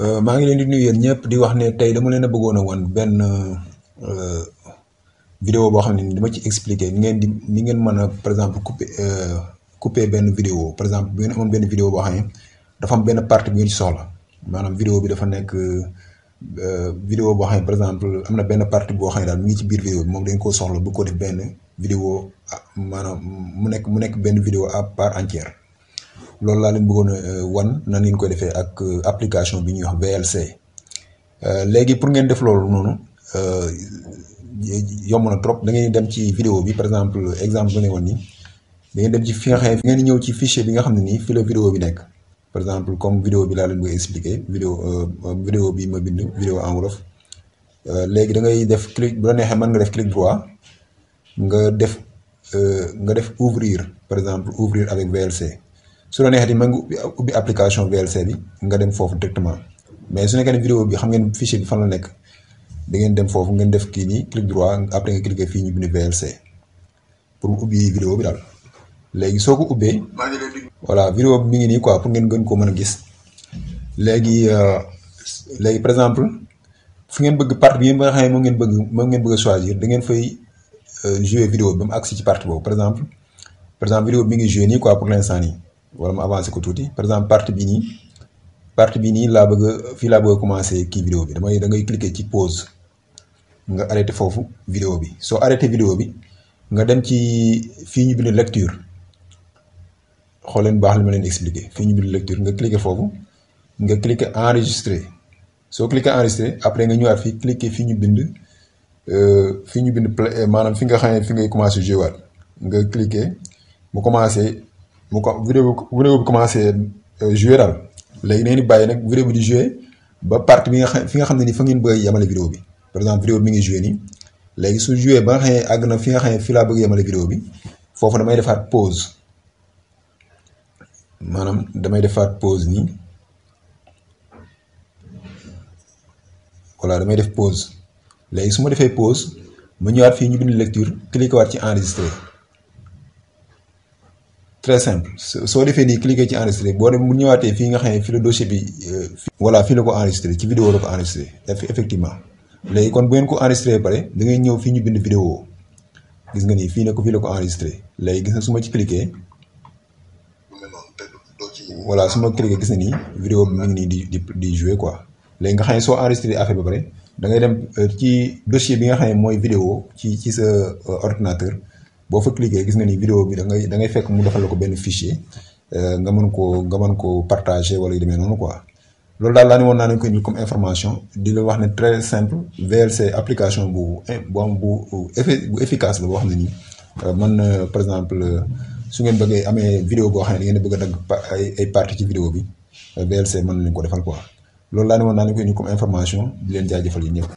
Euh, maa ngi leen di nuyu yéen ñëpp di wax ne tey dama leen bëggoona bëggoon woon benn euh, vidéo boo xam ne dama ci expliquer ni ngeen di ni ngeen mën a par exemple couper euh, couper benn vidéo par exemple bu ngeen amoon boo xam ne dafa am benn partie bu ngeen ci soxla maanaam vidéo bi dafa nekk vidéo boo xam ne par am na benn partie boo xam ne daal mu ngi ci biir vidéo moom dañ koo soxla bu ko def benn ah, maanaam mu nekk mu nekk benn vidéo à part entière loolu laa leen bëggoon euh, wan nan ngeen koy defee ak euh, application bi ñuy wax VLC euh, léegi pour ngeen def loolu noonu yomb na trop da ngeen dem ci vidéo bi par exemple exemple bu ne woon nii da ngeen ci fi ngeen ñëw ci fichier bi nga xam ne nii fi la vidéo bi nekk par exemple comme vidéo bi laa leen bëgg expliquer vidéo vidéo bi ma bind vidéo en wolof léegi da ngay def clic bu la neexee man nga def clic droit nga def nga def ouvrir par exemple ouvrir avec VLC su la neexee ma ngi ubbi application VLC bi nga dem foofu directement mais su nekkee ne vidéo bi xam ngeen fichier bi fan la nekk da ngeen dem foofu ngeen def kii nii clic droit après nga cliquer fii ñu bi VLC pour bi daal léegi soo ko ubbee. voilà vidéo bi mi ngi nii quoi pour ngeen gën koo mën a gis léegi euh, léegi par exemple fu ngeen bëgg partie bi nga moom ngeen bëgg moom ngeen bëgg a choisir da ngeen fay euh, jouer vidéo bi agsi ci partie boobu par exemple par exemple vidéo bi mi ngi jouer nii quoi pour l'instant nii. wala mu avancé ko tuuti par exemple partie bi nii partie bii nii laa bëgg a fii laa bëgg a commencé kii vidéo bi damay da ngay cliquer ci pause nga arrêté foofu vidéo bi soo arrêté vidéo bi nga dem ci fii ñu bind lecture xool leen baax lu ma leen expliqué fii ñu bind lecture nga cliquer foofu nga cliquer enregistrer soo cliquer enregistrer après nga ñëwaat fii cliquer fii ñu bind euh, fii ñu bind euh, maanaam fi nga xam ne fi ngay commencé jouer nga cliquer mu commencé. mu ko vidéo bi vidéo bi commencé euh, jouer daal léegi nee ni bàyyi nag vidéo bi di jouer ba partie bi nga xam fi nga xam ne ni fa ngeen bëgg yemale vidéo bi par exemple vidéo bi mi léegi su jouer ba nga àgg na fi nga xam ne fi laa bëgg yemale vidéo bi foofu damay defaat pause maanaam damay defaat pause nii voilà damay def pose léegi su ma defee pause ma ñëwaat fii ñu bind lecture cliquer waat ci enregistrer très soo defee nii cliquer ci enregistré boo dem bu ñëwaatee fii nga xam ne fii la dossier bi euh, voilà fii la ko enregistré ci vidéo la ko enregistré effectivement léegi kon bu ngeen ko enregistré pare da ngay ñëw fii ñu bind vidéo gis nga nii fii ne ko fii ko enregistré léegi gis nga su ma ci cliquer voilà su ma cliquer gis na nii vidéo bi mu ngi nii di di di jouer quoi léegi nga xam ne soo enregistré affaire ba pare dangay ngay dem euh, ci dossier bi nga xam ne mooy vidéo ci ci sa euh, ordinateur boo fa cliquer gis nga ni vidéo bi da ngay ngay fekk mu defal la ko benn fichier euh, nga mën ko nga mën koo partager wala yu demee noonu quoi. loolu daal laa ne woon naa ne ko indil comme information di wax ne très simple VLC application bu bu bu bu efficace la boo xam ne nii euh, man euh, par exemple su ngeen bëggee amee vidéo boo xam ne da ngeen bëgg a dagg ay ay parties ci vidéo bi VLC mën nañu ko defal quoi. loolu information di leen jaajëfal yi ñëpp.